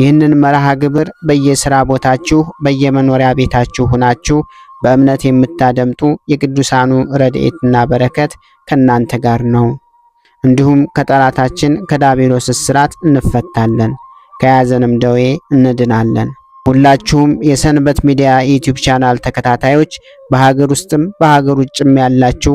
ይህንን መርሃ ግብር በየስራ ቦታችሁ በየመኖሪያ ቤታችሁ ሆናችሁ በእምነት የምታደምጡ የቅዱሳኑ ረድኤትና በረከት ከእናንተ ጋር ነው። እንዲሁም ከጠላታችን ከዲያብሎስ እስራት እንፈታለን፣ ከያዘንም ደዌ እንድናለን። ሁላችሁም የሰንበት ሚዲያ ዩቲዩብ ቻናል ተከታታዮች በሀገር ውስጥም በሀገር ውጭም ያላችሁ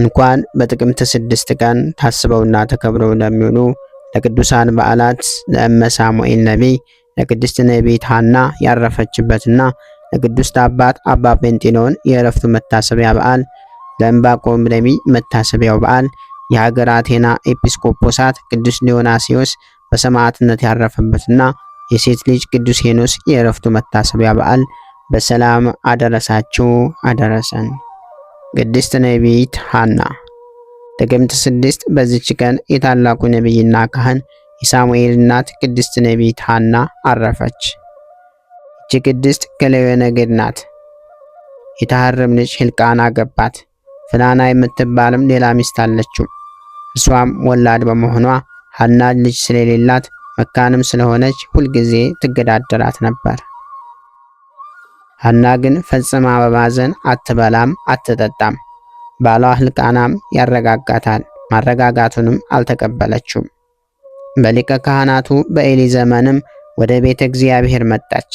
እንኳን በጥቅምት ስድስት ቀን ታስበውና ተከብረው ለሚውሉ ለቅዱሳን በዓላት ለእመ ሳሙኤል ነቢይ፣ ለቅድስት ነቢይት ሐና ያረፈችበትና ለቅዱስ አባት አባ ጴንጤኖን የእረፍቱ መታሰቢያ በዓል፣ ለእምባቆም ነቢይ መታሰቢያው በዓል የሀገር አቴና ኤጲስቆጶሳት ቅዱስ ዲዮናስዮስ በሰማዕትነት ያረፈበትና የሴት ልጅ ቅዱስ ሄኖስ የእረፍቱ መታሰቢያ በዓል በሰላም አደረሳችሁ አደረሰን። ቅድስት ነቢይት ሐና ጥቅምት ስድስት በዚች ቀን የታላቁ ነቢይና ካህን የሳሙኤል እናት ቅድስት ነቢይት ሐና አረፈች። እቺ ቅድስት ከሌዊ ነገድ ናት። የታህርም ልጅ ሕልቃና ገባት። ፍናና የምትባልም ሌላ ሚስት አለችው። እሷም ወላድ በመሆኗ ሐና ልጅ ስለሌላት መካንም ስለሆነች ሁልጊዜ ትገዳደራት ነበር። ሐና ግን ፈጽማ በማዘን አትበላም አትጠጣም። ባሏ ሕልቃናም ያረጋጋታል፣ ማረጋጋቱንም አልተቀበለችውም። በሊቀ ካህናቱ በኤሊ ዘመንም ወደ ቤተ እግዚአብሔር መጣች።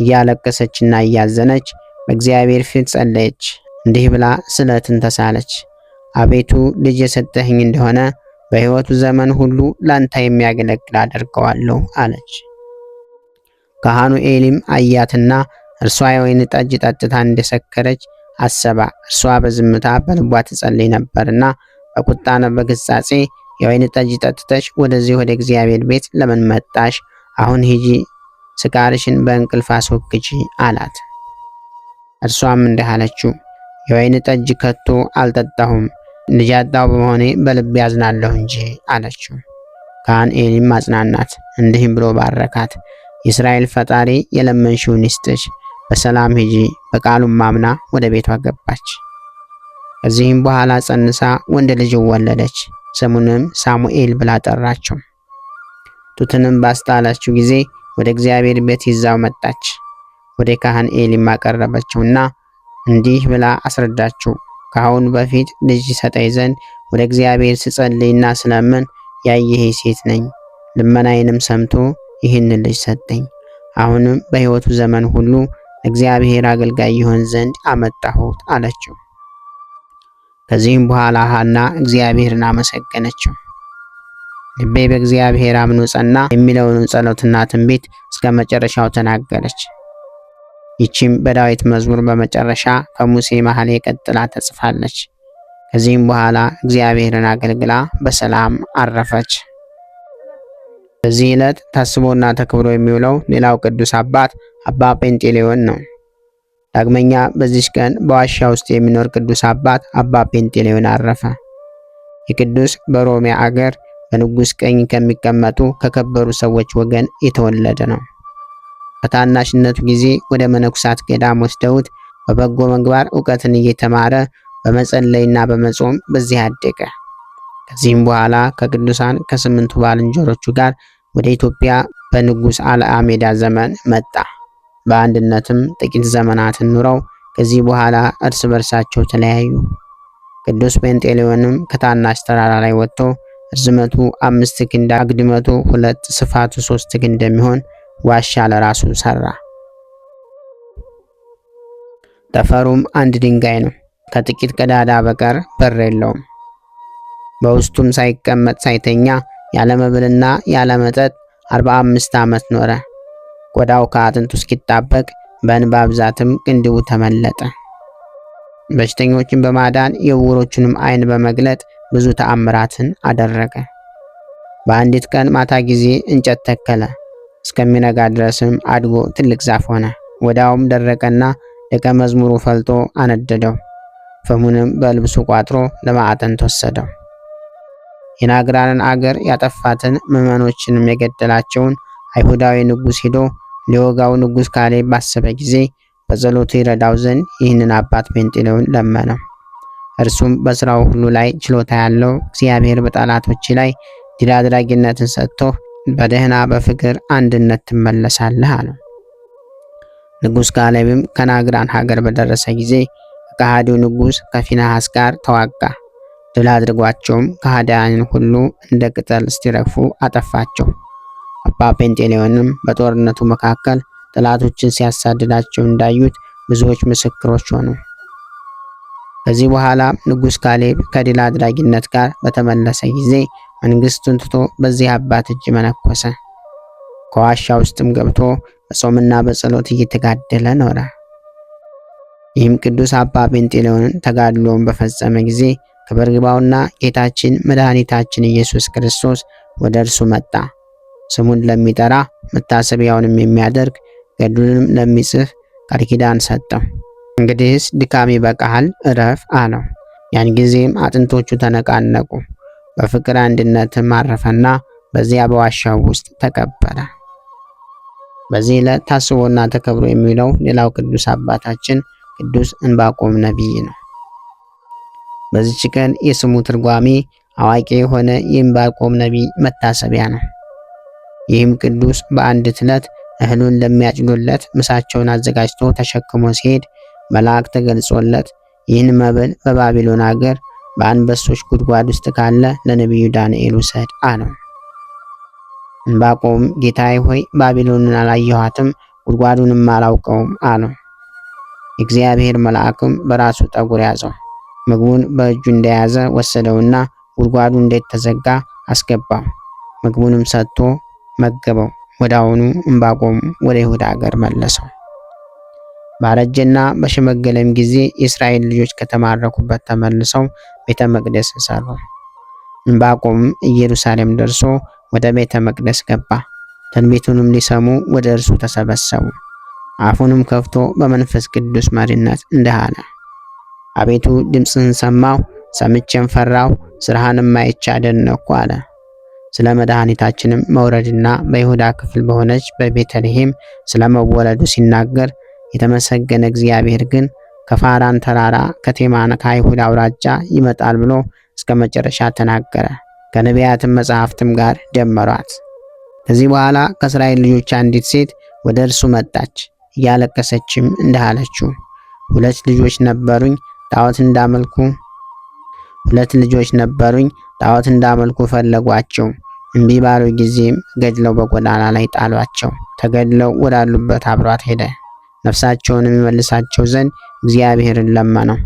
እያለቀሰችና እያዘነች በእግዚአብሔር ፊት ጸለየች። እንዲህ ብላ ስለትን ተሳለች። አቤቱ ልጅ የሰጠህኝ እንደሆነ በሕይወቱ ዘመን ሁሉ ላንታ የሚያገለግል አደርገዋለሁ አለች። ካህኑ ኤሊም አያትና እርሷ የወይን ጠጅ ጠጥታ እንደሰከረች አሰባ። እርሷ በዝምታ በልቧ ትጸልይ ነበርና በቁጣና በግሳጼ የወይን ጠጅ ጠጥተሽ ወደዚህ ወደ እግዚአብሔር ቤት ለምን መጣሽ? አሁን ሂጂ ስካርሽን በእንቅልፍ አስወግጂ አላት። እርሷም እንዲህ አለችው፣ የወይን ጠጅ ከቶ አልጠጣሁም ልጃጣው በመሆኔ በልብ ያዝናለሁ እንጂ አለችው። ካህን ኤሊም አጽናናት፣ እንዲህም ብሎ ባረካት፣ የእስራኤል ፈጣሪ የለመንሽውን ይስጥሽ በሰላም ሂጂ፣ በቃሉም ማምና ወደ ቤቷ ገባች። ከዚህም በኋላ ጸንሳ ወንድ ልጅ ወለደች። ስሙንም ሳሙኤል ብላ ጠራችው። ጡትንም ባስጣላችው ጊዜ ወደ እግዚአብሔር ቤት ይዛው መጣች። ወደ ካህን ኤሊም አቀረበችውና እንዲህ ብላ አስረዳችው። ከአሁን በፊት ልጅ ሰጠኝ ዘንድ ወደ እግዚአብሔር ስጸልይና ስለምን ያየህ ሴት ነኝ። ልመናዬንም ሰምቶ ይህን ልጅ ሰጠኝ። አሁንም በሕይወቱ ዘመን ሁሉ እግዚአብሔር አገልጋይ ይሆን ዘንድ አመጣሁት አለችው። ከዚህም በኋላ ሐና እግዚአብሔርን አመሰገነችው። ልቤ በእግዚአብሔር አምኖ ጸና የሚለውን ጸሎትና ትንቢት እስከ መጨረሻው ተናገረች። ይቺም በዳዊት መዝሙር በመጨረሻ ከሙሴ መሐሌ ቀጥላ ተጽፋለች። ከዚህም በኋላ እግዚአብሔርን አገልግላ በሰላም አረፈች። በዚህ ዕለት ታስቦና ተከብሮ የሚውለው ሌላው ቅዱስ አባት አባ ጴንጤሌዎን ነው። ዳግመኛ በዚች ቀን በዋሻ ውስጥ የሚኖር ቅዱስ አባት አባ ጴንጤሌዎን አረፈ። የቅዱስ በሮሚያ አገር በንጉሥ ቀኝ ከሚቀመጡ ከከበሩ ሰዎች ወገን የተወለደ ነው። በታናሽነቱ ጊዜ ወደ መነኩሳት ገዳም ወስደውት በበጎ ምግባር እውቀትን እየተማረ በመጸለይና በመጾም በዚህ አደገ። ከዚህም በኋላ ከቅዱሳን ከስምንቱ ባልንጀሮቹ ጋር ወደ ኢትዮጵያ በንጉሥ አልአሜዳ ዘመን መጣ። በአንድነትም ጥቂት ዘመናትን ኑረው ከዚህ በኋላ እርስ በርሳቸው ተለያዩ። ቅዱስ ጴንጤሌዮንም ከታናሽ ተራራ ላይ ወጥቶ ርዝመቱ አምስት ክንድ አግድመቱ ሁለት ስፋቱ ሶስት ክንድ እንደሚሆን ዋሻ ለራሱ ሰራ። ጠፈሩም አንድ ድንጋይ ነው። ከጥቂት ቀዳዳ በቀር በር የለውም። በውስጡም ሳይቀመጥ ሳይተኛ ያለመብልና መጠጥ 45 ዓመት ኖረ። ቆዳው ከአጥንቱ እስኪጣበቅ በእንባ ብዛትም ቅንድቡ ተመለጠ። በሽተኞችን በማዳን የዕውሮቹንም ዓይን በመግለጥ ብዙ ተአምራትን አደረገ። በአንዲት ቀን ማታ ጊዜ እንጨት ተከለ። እስከሚነጋ ድረስም አድጎ ትልቅ ዛፍ ሆነ። ወዲያውም ደረቀና ደቀ መዝሙሩ ፈልጦ አነደደው። ፍሙንም በልብሱ ቋጥሮ ለማዕጠንት ወሰደው። የናግራንን አገር ያጠፋትን ምዕመኖችንም የገደላቸውን አይሁዳዊ ንጉሥ ሂዶ ሊወጋው ንጉሥ ካሌብ ባሰበ ጊዜ በጸሎቱ ይረዳው ዘንድ ይህንን አባት ጴንጤሌውን ለመነው። እርሱም በሥራው ሁሉ ላይ ችሎታ ያለው እግዚአብሔር በጠላቶች ላይ ድል አድራጊነትን ሰጥቶ በደህና በፍቅር አንድነት ትመለሳለህ አለው። ንጉሥ ካሌብም ከናግራን ሀገር በደረሰ ጊዜ ከሃዲው ንጉሥ ከፊናሐስ ጋር ተዋጋ። ድል አድርጓቸውም ከሃዲያንን ሁሉ እንደ ቅጠል እስቲረግፉ አጠፋቸው። አባ ጴንጤሌዮንም በጦርነቱ መካከል ጠላቶችን ሲያሳድዳቸው እንዳዩት ብዙዎች ምስክሮች ሆኑ። ከዚህ በኋላ ንጉሥ ካሌብ ከድል አድራጊነት ጋር በተመለሰ ጊዜ መንግስቱን ትቶ በዚህ አባት እጅ መነኮሰ። ከዋሻ ውስጥም ገብቶ በጾምና በጸሎት እየተጋደለ ኖረ። ይህም ቅዱስ አባ ጴንጤሌዮንን ተጋድሎውን በፈጸመ ጊዜ ክብር ግባውና ጌታችን መድኃኒታችን ኢየሱስ ክርስቶስ ወደ እርሱ መጣ። ስሙን ለሚጠራ መታሰቢያውንም የሚያደርግ ገድሉንም ለሚጽፍ ቃል ኪዳን ሰጠው። እንግዲህስ ድካም ይበቃሃል፣ እረፍ አለው። ያን ጊዜም አጥንቶቹ ተነቃነቁ። በፍቅር አንድነትም አረፈና በዚያ በዋሻው ውስጥ ተቀበረ። በዚህ ዕለት ታስቦና ተከብሮ የሚውለው ሌላው ቅዱስ አባታችን ቅዱስ እንባቆም ነቢይ ነው። በዚች ቀን የስሙ ትርጓሜ አዋቂ የሆነ የዕንባቆም ነቢይ መታሰቢያ ነው። ይህም ቅዱስ በአንድ ዕለት እህሉን ለሚያጭዱለት ምሳቸውን አዘጋጅቶ ተሸክሞ ሲሄድ መልአክ ተገልጾለት ይህን መብል በባቢሎን አገር በአንበሶች ጉድጓድ ውስጥ ካለ ለነቢዩ ዳንኤል ውሰድ አለው። እምባቆም ጌታዬ ሆይ ባቢሎንን አላየኋትም፣ ጉድጓዱንም አላውቀውም አለው። እግዚአብሔር መልአክም በራሱ ጠጉር ያዘው። ምግቡን በእጁ እንደያዘ ወሰደውና ጉድጓዱ እንደተዘጋ አስገባው። ምግቡንም ሰጥቶ መገበው። ወዳውኑ እምባቆም ወደ ይሁዳ ሀገር መለሰው። ባረጀና በሸመገለም ጊዜ የእስራኤል ልጆች ከተማረኩበት ተመልሰው ቤተ መቅደስ ሰሩ። እምባቆም ኢየሩሳሌም ደርሶ ወደ ቤተ መቅደስ ገባ። ትንቢቱንም ሊሰሙ ወደ እርሱ ተሰበሰቡ። አፉንም ከፍቶ በመንፈስ ቅዱስ መሪነት እንዲህ አለ። አቤቱ ድምፅህን ሰማሁ፣ ሰምቼም ፈራሁ፣ ስራህንም አይቼ አደነቅሁ አለ። ስለ መድኃኒታችንም መውረድና በይሁዳ ክፍል በሆነች በቤተልሔም ስለ መወለዱ ሲናገር የተመሰገነ እግዚአብሔር ግን ከፋራን ተራራ ከቴማን ከአይሁድ አውራጃ ይመጣል ብሎ እስከ መጨረሻ ተናገረ። ከነቢያትም መጽሐፍትም ጋር ደመሯት። ከዚህ በኋላ ከእስራኤል ልጆች አንዲት ሴት ወደ እርሱ መጣች፣ እያለቀሰችም እንዲህ አለችው፦ ሁለት ልጆች ነበሩኝ፣ ጣዖት እንዳመልኩ ሁለት ልጆች ነበሩኝ። ጣዖት እንዳመልኩ ፈለጓቸው። እምቢ ባሉ ጊዜም ገድለው በጎዳና ላይ ጣሏቸው። ተገድለው ወዳሉበት አብሯት ሄደ። ነፍሳቸውንም ይመልሳቸው ዘንድ እግዚአብሔርን ለመነው።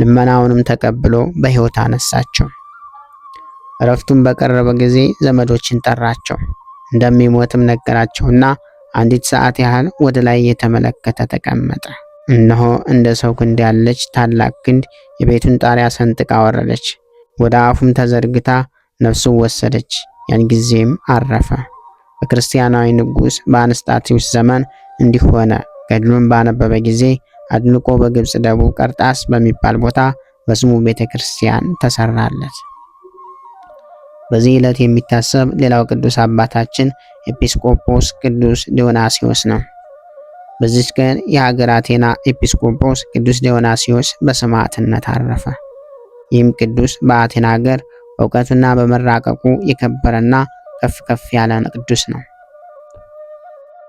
ልመናውንም ተቀብሎ በሕይወት አነሳቸው። እረፍቱን በቀረበ ጊዜ ዘመዶችን ጠራቸው። እንደሚሞትም ነገራቸውና አንዲት ሰዓት ያህል ወደ ላይ እየተመለከተ ተቀመጠ። እነሆ እንደ ሰው ግንድ ያለች ታላቅ ግንድ የቤቱን ጣሪያ ሰንጥቃ ወረደች፣ ወደ አፉም ተዘርግታ ነፍሱን ወሰደች። ያን ጊዜም አረፈ። በክርስቲያናዊ ንጉሥ በአንስጣቲዩስ ዘመን እንዲህ ሆነ። ገድሉን ባነበበ ጊዜ አድንቆ በግብፅ ደቡብ ቀርጣስ በሚባል ቦታ በስሙ ቤተ ክርስቲያን ተሰራለት። በዚህ ዕለት የሚታሰብ ሌላው ቅዱስ አባታችን ኤጲስቆጶስ ቅዱስ ዲዮናስዮስ ነው። በዚች ቀን የሀገር አቴና ኤጲስቆጶስ ቅዱስ ዲዮናስዮስ በሰማዕትነት አረፈ። ይህም ቅዱስ በአቴና ሀገር በእውቀቱና በመራቀቁ የከበረና ከፍ ከፍ ያለ ቅዱስ ነው።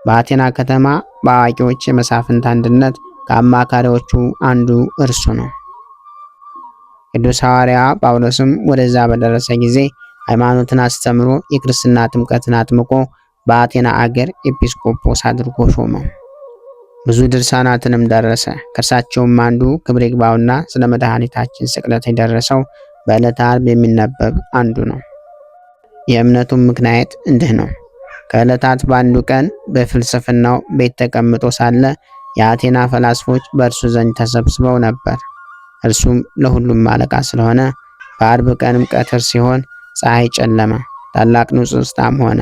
በአቴና ከተማ በአዋቂዎች የመሳፍንት አንድነት ከአማካሪዎቹ አንዱ እርሱ ነው። ቅዱስ ሐዋርያ ጳውሎስም ወደዛ በደረሰ ጊዜ ሃይማኖትን አስተምሮ የክርስትና ጥምቀትን አጥምቆ በአቴና አገር ኤጲስቆጶስ አድርጎ ሾመው። ብዙ ድርሳናትንም ደረሰ። ከእርሳቸውም አንዱ ክብር ይግባውና ስለ መድኃኒታችን ስቅለት የደረሰው በዕለተ ዓርብ የሚነበብ አንዱ ነው። የእምነቱም ምክንያት እንዲህ ነው። ከዕለታት በአንዱ ቀን በፍልስፍናው ቤት ተቀምጦ ሳለ የአቴና ፈላስፎች በእርሱ ዘንድ ተሰብስበው ነበር። እርሱም ለሁሉም አለቃ ስለሆነ በአርብ ቀንም ቀትር ሲሆን ፀሐይ ጨለመ፣ ታላቅ ንውጽውጽታም ሆነ።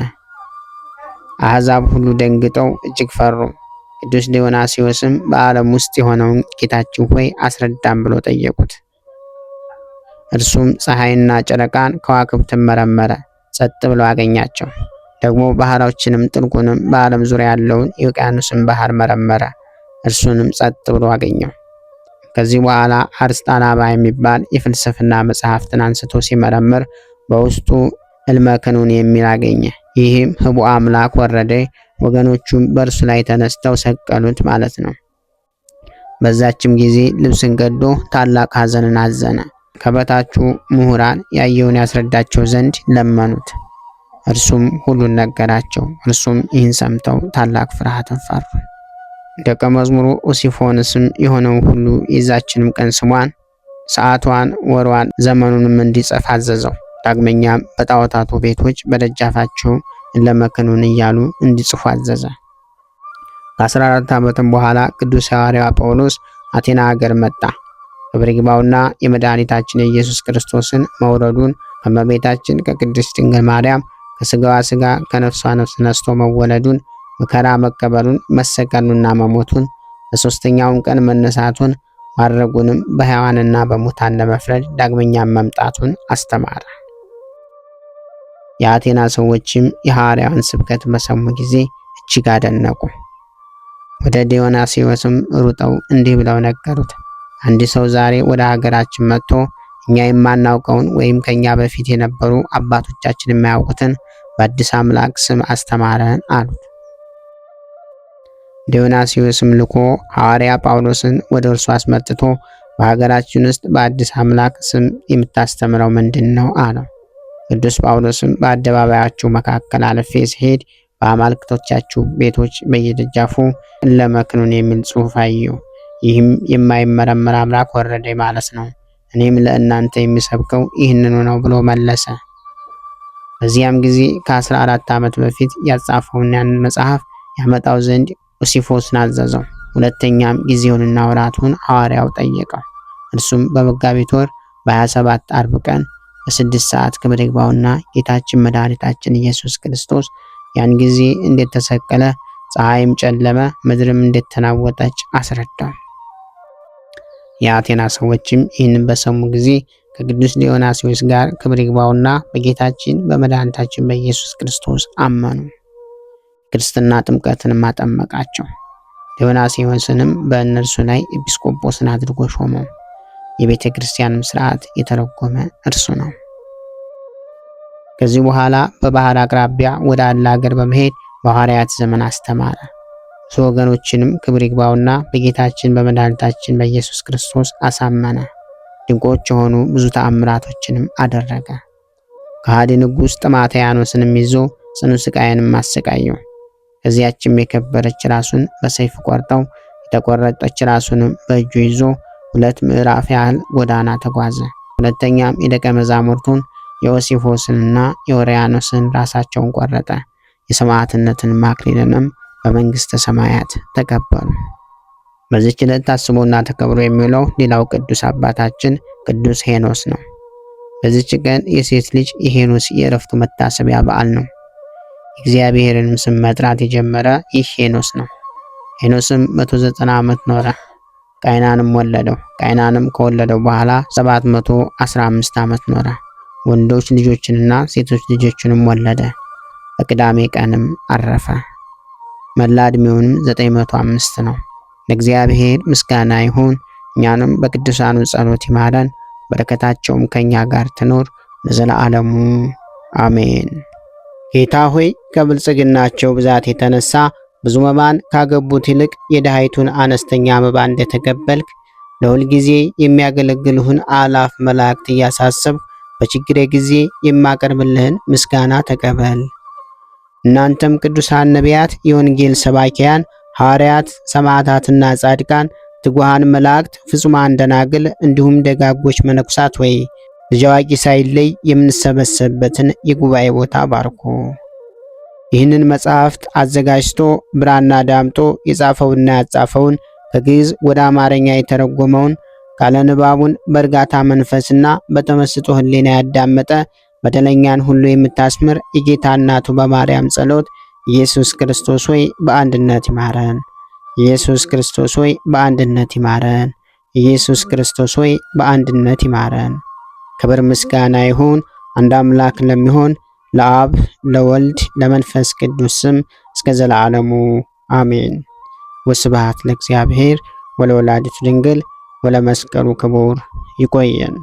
አሕዛብ ሁሉ ደንግጠው እጅግ ፈሩም። ቅዱስ ዲዮናስዮስም በዓለም ውስጥ የሆነውን ጌታችን ሆይ አስረዳም ብሎ ጠየቁት። እርሱም ፀሐይና ጨረቃን ከዋክብትን መረመረ፣ ጸጥ ብሎ አገኛቸው። ደግሞ ባህሮችንም ጥልቁንም በዓለም ዙሪያ ያለውን የውቅያኖስን ባህር መረመረ፣ እርሱንም ጸጥ ብሎ አገኘው። ከዚህ በኋላ አርስጣናባ የሚባል የፍልስፍና መጽሐፍትን አንስቶ ሲመረምር በውስጡ እልመክኑን የሚል አገኘ። ይህም ህቡ አምላክ ወረደ ወገኖቹም በእርሱ ላይ ተነስተው ሰቀሉት ማለት ነው። በዛችም ጊዜ ልብስን ገዶ ታላቅ ሐዘንን አዘነ። ከበታቹ ምሁራን ያየውን ያስረዳቸው ዘንድ ለመኑት። እርሱም ሁሉን ነገራቸው። እርሱም ይህን ሰምተው ታላቅ ፍርሃትን ፈሩ። ደቀ መዝሙሩ ኡሲፎንስም የሆነው ሁሉ የዛችንም ቀን ስሟን፣ ሰዓቷን፣ ወሯን፣ ዘመኑንም እንዲጽፍ አዘዘው። ዳግመኛም በጣዖታቱ ቤቶች በደጃፋቸው ለመከኑን እያሉ እንዲጽፉ አዘዘ። ከ14 ዓመትም በኋላ ቅዱስ ሐዋርያ ጳውሎስ አቴና ሀገር መጣ። በብርግባውና ይግባውና የመድኃኒታችን የኢየሱስ ክርስቶስን መውረዱን ከእመቤታችን ከቅድስት ድንግል ማርያም ከስጋዋ ስጋ ከነፍሷ ነፍስ ነስቶ መወለዱን መከራ መቀበሉን መሰቀሉና መሞቱን በሶስተኛውም ቀን መነሳቱን ማድረጉንም በሕያዋንና በሙታን ለመፍረድ ዳግመኛ መምጣቱን አስተማረ። የአቴና ሰዎችም የሐዋርያውን ስብከት በሰሙ ጊዜ እጅግ አደነቁ። ወደ ዲዮናስዮስም ሩጠው እንዲህ ብለው ነገሩት። አንድ ሰው ዛሬ ወደ ሀገራችን መጥቶ እኛ የማናውቀውን ወይም ከኛ በፊት የነበሩ አባቶቻችን የማያውቁትን በአዲስ አምላክ ስም አስተማረን አሉት። ዲዮናስዮስም ልኮ ሐዋርያ ጳውሎስን ወደ እርሱ አስመጥቶ በሀገራችን ውስጥ በአዲስ አምላክ ስም የምታስተምረው ምንድን ነው? አለው። ቅዱስ ጳውሎስም በአደባባያችሁ መካከል አልፌ ስሄድ በአማልክቶቻችሁ ቤቶች በየደጃፉ ለመክኑን የሚል ጽሑፍ አየሁ። ይህም የማይመረመር አምላክ ወረደ ማለት ነው። እኔም ለእናንተ የሚሰብከው ይህንኑ ነው ብሎ መለሰ። በዚያም ጊዜ ከ14 ዓመት በፊት ያጻፈውን ያን መጽሐፍ ያመጣው ዘንድ ኡሲፎስን አዘዘው። ሁለተኛም ጊዜውንና ወራቱን ሐዋርያው ጠየቀው። እርሱም በመጋቢት ወር በ27 አርብ ቀን በስድስት ሰዓት ክብር ይግባውና ጌታችን መድኃኒታችን ኢየሱስ ክርስቶስ ያን ጊዜ እንዴት ተሰቀለ፣ ፀሐይም ጨለመ፣ ምድርም እንዴት ተናወጠች አስረዳው። የአቴና ሰዎችም ይህንን በሰሙ ጊዜ ከቅዱስ ዲዮናስዮስ ጋር ክብር ይግባውና በጌታችን በመድኃኒታችን በኢየሱስ ክርስቶስ አመኑ። ክርስትና ጥምቀትን አጠመቃቸው። ዲዮናስዮስንም በእነርሱ ላይ ኤጲስቆጶስን አድርጎ ሾመው። የቤተ ክርስቲያንም ስርዓት የተረጎመ እርሱ ነው። ከዚህ በኋላ በባህር አቅራቢያ ወደ አለ አገር በመሄድ በሐዋርያት ዘመን አስተማረ። ብዙ ወገኖችንም ክብር ይግባውና በጌታችን በመድኃኒታችን በኢየሱስ ክርስቶስ አሳመነ። ድንቆች የሆኑ ብዙ ተአምራቶችንም አደረገ። ከሃዲ ንጉሥ ያኖስንም ይዞ ጽኑ ስቃይንም አሰቃየው። ከዚያችም የከበረች ራሱን በሰይፍ ቆርጠው የተቆረጠች ራሱንም በእጁ ይዞ ሁለት ምዕራፍ ያህል ጎዳና ተጓዘ። ሁለተኛም የደቀ መዛሙርቱን የዮሲፎስንና የኦሪያኖስን ራሳቸውን ቆረጠ። የሰማዕትነትን ማክሊልንም በመንግሥተ ሰማያት ተቀበሉ። በዚች ዕለት ታስቦና ተከብሮ የሚውለው ሌላው ቅዱስ አባታችን ቅዱስ ሄኖስ ነው። በዚች ቀን የሴት ልጅ የሄኖስ የእረፍቱ መታሰቢያ በዓል ነው። እግዚአብሔርንም ስም መጥራት የጀመረ ይህ ሄኖስ ነው። ሄኖስም 190 ዓመት ኖረ፣ ቃይናንም ወለደው። ቃይናንም ከወለደው በኋላ 715 ዓመት ኖረ። ወንዶች ልጆችንና ሴቶች ልጆችንም ወለደ። በቅዳሜ ቀንም አረፈ። መላ ዕድሜውንም 905 ነው። ለእግዚአብሔር ምስጋና ይሁን። እኛንም በቅዱሳኑ ጸሎት ይማረን፣ በረከታቸውም ከእኛ ጋር ትኖር ለዘለዓለሙ አሜን። ጌታ ሆይ ከብልጽግናቸው ብዛት የተነሳ ብዙ መባን ካገቡት ይልቅ የድሃይቱን አነስተኛ መባ እንደተቀበልክ ለሁልጊዜ የሚያገለግልሁን አላፍ መላእክት እያሳሰብ። በችግሬ ጊዜ የማቀርብልህን ምስጋና ተቀበል። እናንተም ቅዱሳን ነቢያት፣ የወንጌል ሰባኪያን ሐዋርያት፣ ሰማዕታትና ጻድቃን፣ ትጉሃን መላእክት፣ ፍጹማን ደናግል፣ እንዲሁም ደጋጎች መነኩሳት ወይ ልጅ አዋቂ ሳይለይ የምንሰበሰብበትን የጉባኤ ቦታ ባርኩ። ይህንን መጽሐፍት አዘጋጅቶ ብራና ዳምጦ የጻፈውና ያጻፈውን ከግዕዝ ወደ አማርኛ የተረጎመውን ቃለ ንባቡን በእርጋታ መንፈስና በተመስጦ ህሊና ያዳመጠ በደለኛን ሁሉ የምታስምር የጌታ እናቱ በማርያም ጸሎት ኢየሱስ ክርስቶስ ሆይ በአንድነት ይማረን። ኢየሱስ ክርስቶስ ሆይ በአንድነት ይማረን። ኢየሱስ ክርስቶስ ሆይ በአንድነት ይማረን። ክብር ምስጋና ይሁን አንድ አምላክ ለሚሆን ለአብ ለወልድ ለመንፈስ ቅዱስ ስም እስከ ዘላለሙ አሜን። ወስብሐት ለእግዚአብሔር ወለወላዲቱ ድንግል ወለመስቀሉ ክቡር ይቆየን።